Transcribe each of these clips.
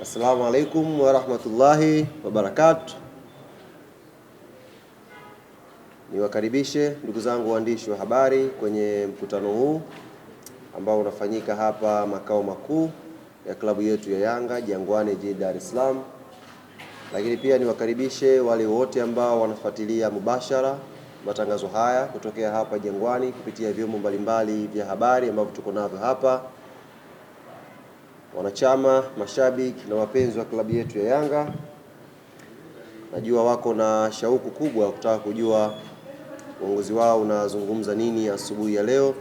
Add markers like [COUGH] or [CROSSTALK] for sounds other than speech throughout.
Assalamu alaikum warahmatullahi wabarakatu. Niwakaribishe ndugu zangu waandishi wa habari kwenye mkutano huu ambao unafanyika hapa makao makuu ya klabu yetu ya Yanga Jangwani jijini Dar es Salaam, lakini pia niwakaribishe wale wote ambao wanafuatilia mubashara matangazo haya kutokea hapa Jangwani kupitia vyombo mbalimbali vya habari ambavyo tuko navyo hapa wanachama, mashabiki na wapenzi wa klabu yetu ya Yanga, najua wako na shauku kubwa ya kutaka kujua uongozi wao unazungumza nini asubuhi ya leo,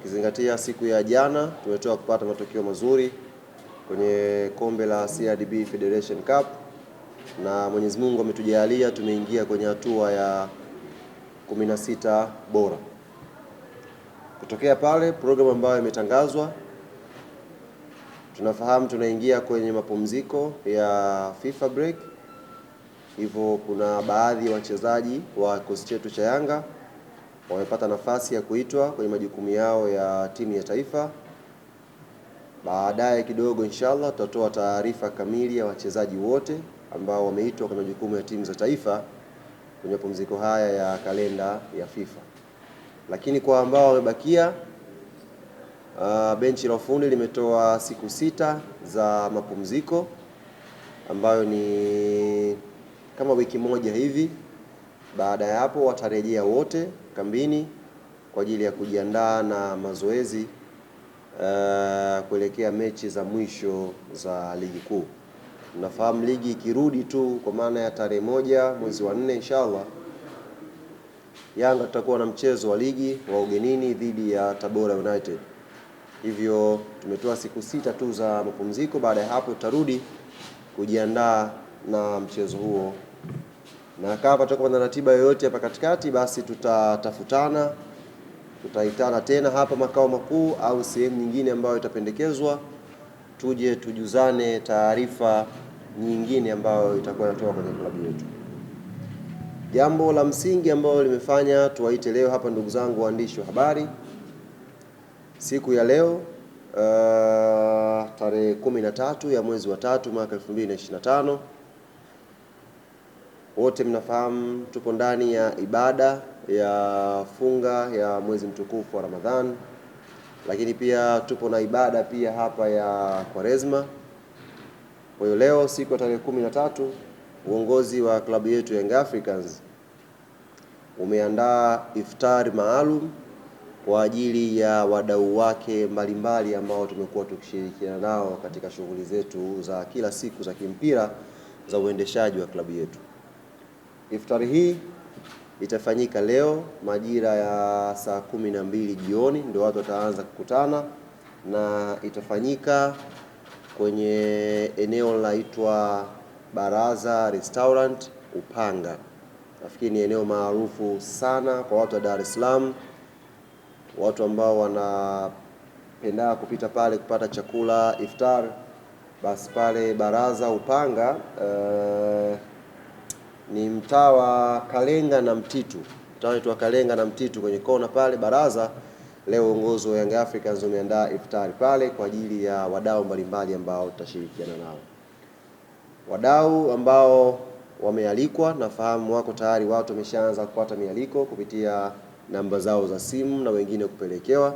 ukizingatia siku ya jana tumetoka kupata matokeo mazuri kwenye kombe la CRDB Federation Cup na Mwenyezi Mungu ametujalia tumeingia kwenye hatua ya 16 bora. Kutokea pale programu ambayo imetangazwa Tunafahamu tunaingia kwenye mapumziko ya FIFA break, hivyo kuna baadhi ya wachezaji wa kikosi chetu cha Yanga wamepata nafasi ya kuitwa kwenye majukumu yao ya timu ya taifa. Baadaye kidogo, inshallah tutatoa taarifa kamili ya wachezaji wote ambao wameitwa kwenye majukumu ya timu za taifa kwenye mapumziko haya ya kalenda ya FIFA, lakini kwa ambao wamebakia Uh, benchi la ufundi limetoa siku sita za mapumziko ambayo ni kama wiki moja hivi. Baada ya hapo, watarejea wote kambini kwa ajili ya kujiandaa na mazoezi uh, kuelekea mechi za mwisho za ligi kuu. Nafahamu ligi ikirudi tu kwa maana ya tarehe moja mwezi wa nne inshallah Yanga tutakuwa na mchezo wa ligi wa ugenini dhidi ya Tabora United. Hivyo tumetoa siku sita tu za mapumziko. Baada ya hapo, tutarudi kujiandaa na mchezo huo, na kama patakuwa na ratiba yoyote hapa katikati, basi tutatafutana, tutaitana tena hapa makao makuu au sehemu nyingine ambayo itapendekezwa, tuje tujuzane taarifa nyingine ambayo itakuwa inatoka kwenye klabu yetu. Jambo la msingi ambalo limefanya tuwaite leo hapa, ndugu zangu waandishi wa habari siku ya leo uh, tarehe kumi na tatu ya mwezi wa tatu mwaka tano Wote mnafahamu tupo ndani ya ibada ya funga ya mwezi mtukufu wa ramadhan lakini pia tupo na ibada pia hapa ya Kwaresma. Kwa hiyo leo siku ya tarehe kumi na tatu uongozi wa klabu yetu Young Africans umeandaa iftari maalum kwa ajili ya wadau wake mbalimbali ambao tumekuwa tukishirikiana nao katika shughuli zetu za kila siku za kimpira za uendeshaji wa klabu yetu. Iftari hii itafanyika leo majira ya saa kumi na mbili jioni ndio watu wataanza kukutana, na itafanyika kwenye eneo linaitwa Baraza Restaurant Upanga. Nafikiri ni eneo maarufu sana kwa watu wa Dar es Salaam watu ambao wanapenda kupita pale kupata chakula iftar, basi pale Baraza Upanga uh, ni mtaa wa Kalenga na Mtitu, mtaa wetu wa Kalenga na Mtitu kwenye kona pale Baraza. Leo uongozi wa Young Africans umeandaa iftari pale kwa ajili ya wadau mbalimbali ambao tutashirikiana nao, wadau ambao wamealikwa. Nafahamu wako tayari, watu wameshaanza kupata mialiko kupitia namba zao za simu na wengine kupelekewa,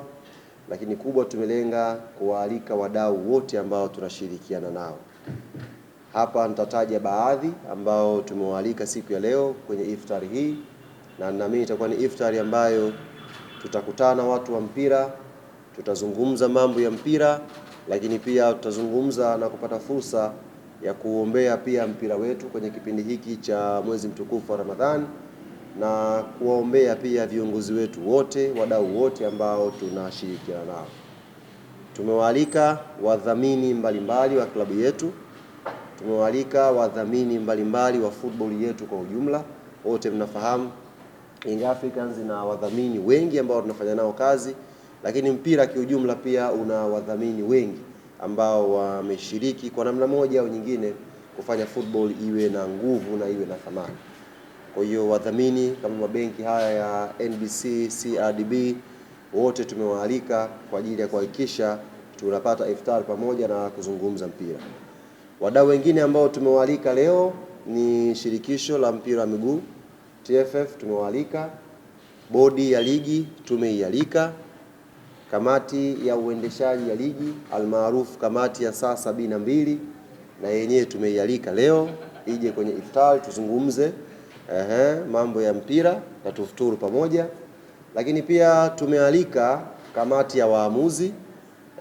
lakini kubwa tumelenga kuwaalika wadau wote ambao tunashirikiana nao. Hapa nitataja baadhi ambao tumewaalika siku ya leo kwenye iftari hii, na naamini itakuwa ni iftari ambayo tutakutana watu wa mpira, tutazungumza mambo ya mpira, lakini pia tutazungumza na kupata fursa ya kuombea pia mpira wetu kwenye kipindi hiki cha mwezi mtukufu wa Ramadhani na kuwaombea pia viongozi wetu wote, wadau wote ambao tunashirikiana nao. Tumewaalika wadhamini mbalimbali wa klabu yetu, tumewaalika wadhamini mbalimbali wa football yetu kwa ujumla. Wote mnafahamu Young Africans na wadhamini wengi ambao tunafanya nao kazi, lakini mpira kiujumla pia una wadhamini wengi ambao wameshiriki kwa namna moja au nyingine kufanya football iwe na nguvu na iwe na thamani. Kwa hiyo wadhamini kama mabenki haya ya NBC, CRDB wote tumewaalika kwa ajili ya kuhakikisha tunapata iftar pamoja na kuzungumza mpira. Wadau wengine ambao tumewaalika leo ni shirikisho la mpira wa miguu TFF tumewaalika, bodi ya ligi tumeialika, kamati ya uendeshaji ya ligi almaarufu kamati ya saa sabini na mbili na yenyewe tumeialika leo ije kwenye iftar tuzungumze Ehe, mambo ya mpira na tufuturu pamoja, lakini pia tumealika kamati ya waamuzi.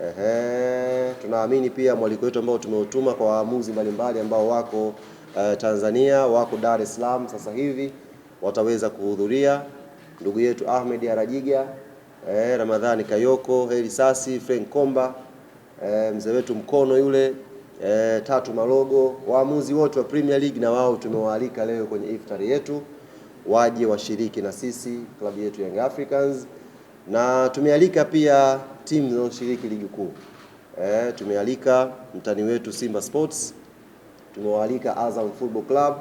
Ehe, tunaamini pia mwaliko wetu ambao tumeutuma kwa waamuzi mbalimbali ambao wako eh, Tanzania wako Dar es Salaam sasa hivi wataweza kuhudhuria, ndugu yetu Ahmed Arajiga, eh, Ramadhani Kayoko, Heri Sasi, Frank Komba, eh, mzee wetu mkono yule e, tatu Marogo, waamuzi wote wa Premier League na wao tumewaalika leo kwenye iftari yetu waje washiriki na sisi klabu yetu Young Africans, na tumealika pia timu zinazoshiriki ligi kuu e, tumealika mtani wetu Simba Sports, tumewaalika Azam Football Club,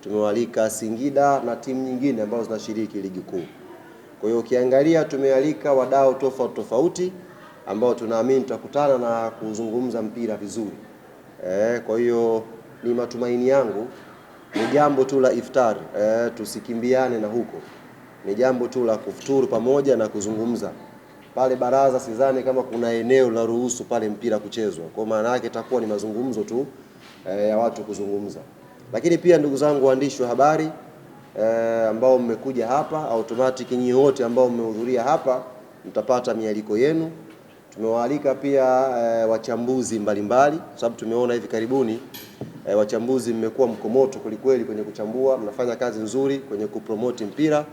tumewaalika Singida na timu nyingine ambazo zinashiriki ligi kuu. Kwa hiyo ukiangalia, tumealika wadau tofauti tofauti ambao tunaamini tutakutana na kuzungumza mpira vizuri eh. Kwa hiyo ni matumaini yangu ni jambo tu la iftar eh, tusikimbiane na huko, ni jambo tu la kufuturu pamoja na kuzungumza pale baraza. Sidhani kama kuna eneo la ruhusu pale mpira kuchezwa, kwa maana yake itakuwa ni mazungumzo tu eh, ya watu kuzungumza. Lakini pia ndugu zangu waandishi wa habari eh, ambao mmekuja hapa automatic, nyinyi wote ambao mmehudhuria hapa mtapata mialiko yenu. Tumewaalika pia e, wachambuzi mbalimbali kwa sababu tumeona hivi karibuni e, wachambuzi mmekuwa mkomoto kwelikweli kwenye kuchambua, mnafanya kazi nzuri kwenye kupromoti mpira.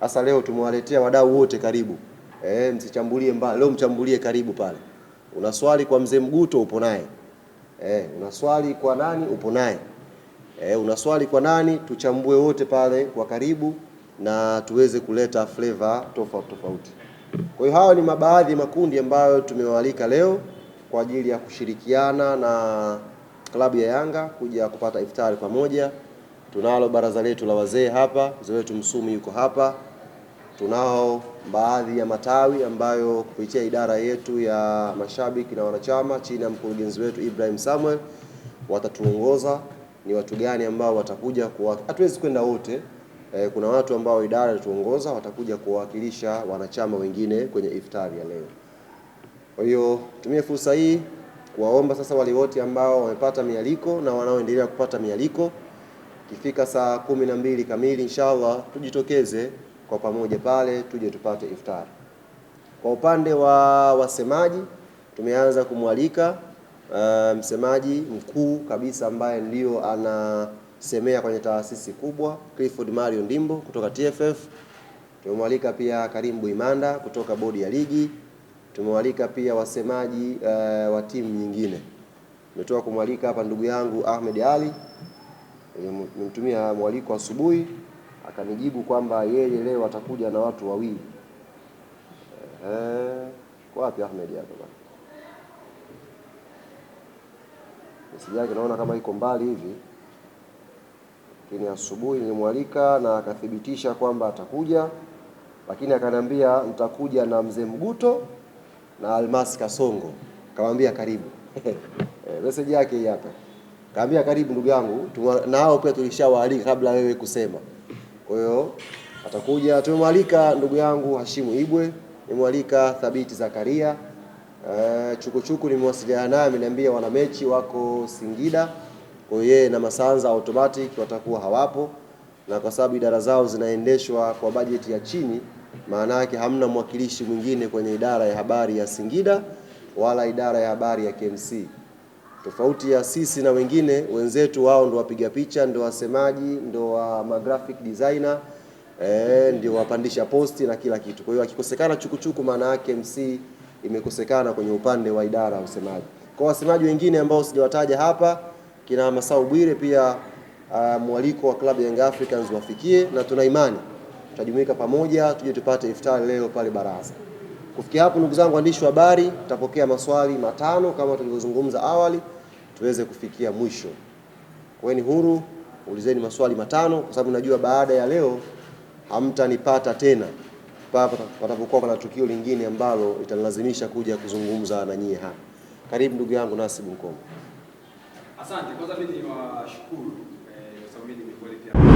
Sasa leo tumewaletea wadau wote karibu. E, msichambulie mbali, leo mchambulie karibu pale. Una swali kwa mzee Mguto upo naye. E, una swali kwa nani upo naye. E, una swali kwa nani, tuchambue wote pale kwa karibu na tuweze kuleta flavor tofauti tofauti. Kwa hiyo hayo ni mabaadhi ya makundi ambayo tumewaalika leo kwa ajili ya kushirikiana na klabu ya Yanga kuja kupata iftari pamoja. Tunalo baraza letu la wazee hapa, mzee wetu Msumi yuko hapa. Tunao baadhi ya matawi ambayo kupitia idara yetu ya mashabiki na wanachama chini ya mkurugenzi wetu Ibrahim Samuel watatuongoza ni watu gani ambao watakuja kuwa, hatuwezi kwenda wote eh, kuna watu ambao idara inatuongoza watakuja kuwawakilisha wanachama wengine kwenye iftari ya leo. Kwa hiyo tumie fursa hii kuwaomba sasa wale wote ambao wamepata mialiko na wanaoendelea kupata mialiko, ikifika saa kumi na mbili kamili inshallah tujitokeze kwa pamoja pale tuje tupate iftari. Kwa upande wa wasemaji tumeanza kumwalika uh, msemaji mkuu kabisa ambaye ndio ana semea kwenye taasisi kubwa Clifford Mario Ndimbo kutoka TFF. Tumemwalika pia Karim Buimanda kutoka bodi ya ligi. Tumewalika pia wasemaji uh, wa timu nyingine. Nimetoka kumwalika hapa ndugu yangu Ahmed Ali, nimemtumia mwaliko asubuhi, akanijibu kwamba yeye leo atakuja na watu wawili. Eh, kwa wapi Ahmed hapa bwana? Sijaki naona kama iko mbali hivi lakini asubuhi nilimwalika na akathibitisha kwamba atakuja, lakini akaniambia nitakuja na mzee Mguto na Almas Kasongo. Kamwambia karibu [LAUGHS] eh, message yake hii hapa, kaambia karibu ndugu yangu, na hao pia tulishawaalika kabla wewe kusema. Kwa hiyo atakuja, tumemwalika ndugu yangu Hashimu Ibwe, nimwalika Thabiti Zakaria, eh, chukuchuku nimewasiliana naye, ameniambia wana mechi wako Singida. Kwa hiyo yeye na Masanza automatic watakuwa hawapo, na kwa sababu idara zao zinaendeshwa kwa bajeti ya chini, maana yake hamna mwakilishi mwingine kwenye idara ya habari ya Singida wala idara ya habari ya KMC, tofauti ya sisi na wengine wenzetu. Wao ndio wapiga picha, ndio wasemaji, ndio wa graphic designer eh, ndio wapandisha posti na kila kitu. Kwa hiyo akikosekana chukuchuku, maana yake MC imekosekana kwenye upande wa idara ya usemaji. Kwa wasemaji wengine ambao sijawataja hapa kina Masau Bwire pia uh, mwaliko wa klabu ya Young Africans wafikie, na tuna imani tutajumuika pamoja tuje tupate iftari leo pale baraza. Kufikia hapo, ndugu zangu waandishi wa habari, tutapokea maswali matano kama tulivyozungumza awali, tuweze kufikia mwisho. Kweni huru, ulizeni maswali matano, kwa sababu najua baada ya leo hamtanipata tena patapokuwa pana tukio lingine ambalo italazimisha kuja kuzungumza na nyie hapa. Karibu ndugu yangu Nasibu Nkomo. Asante. Kwanza mimi niwashukuru eh, kwa sababu mimi nimekuwa pia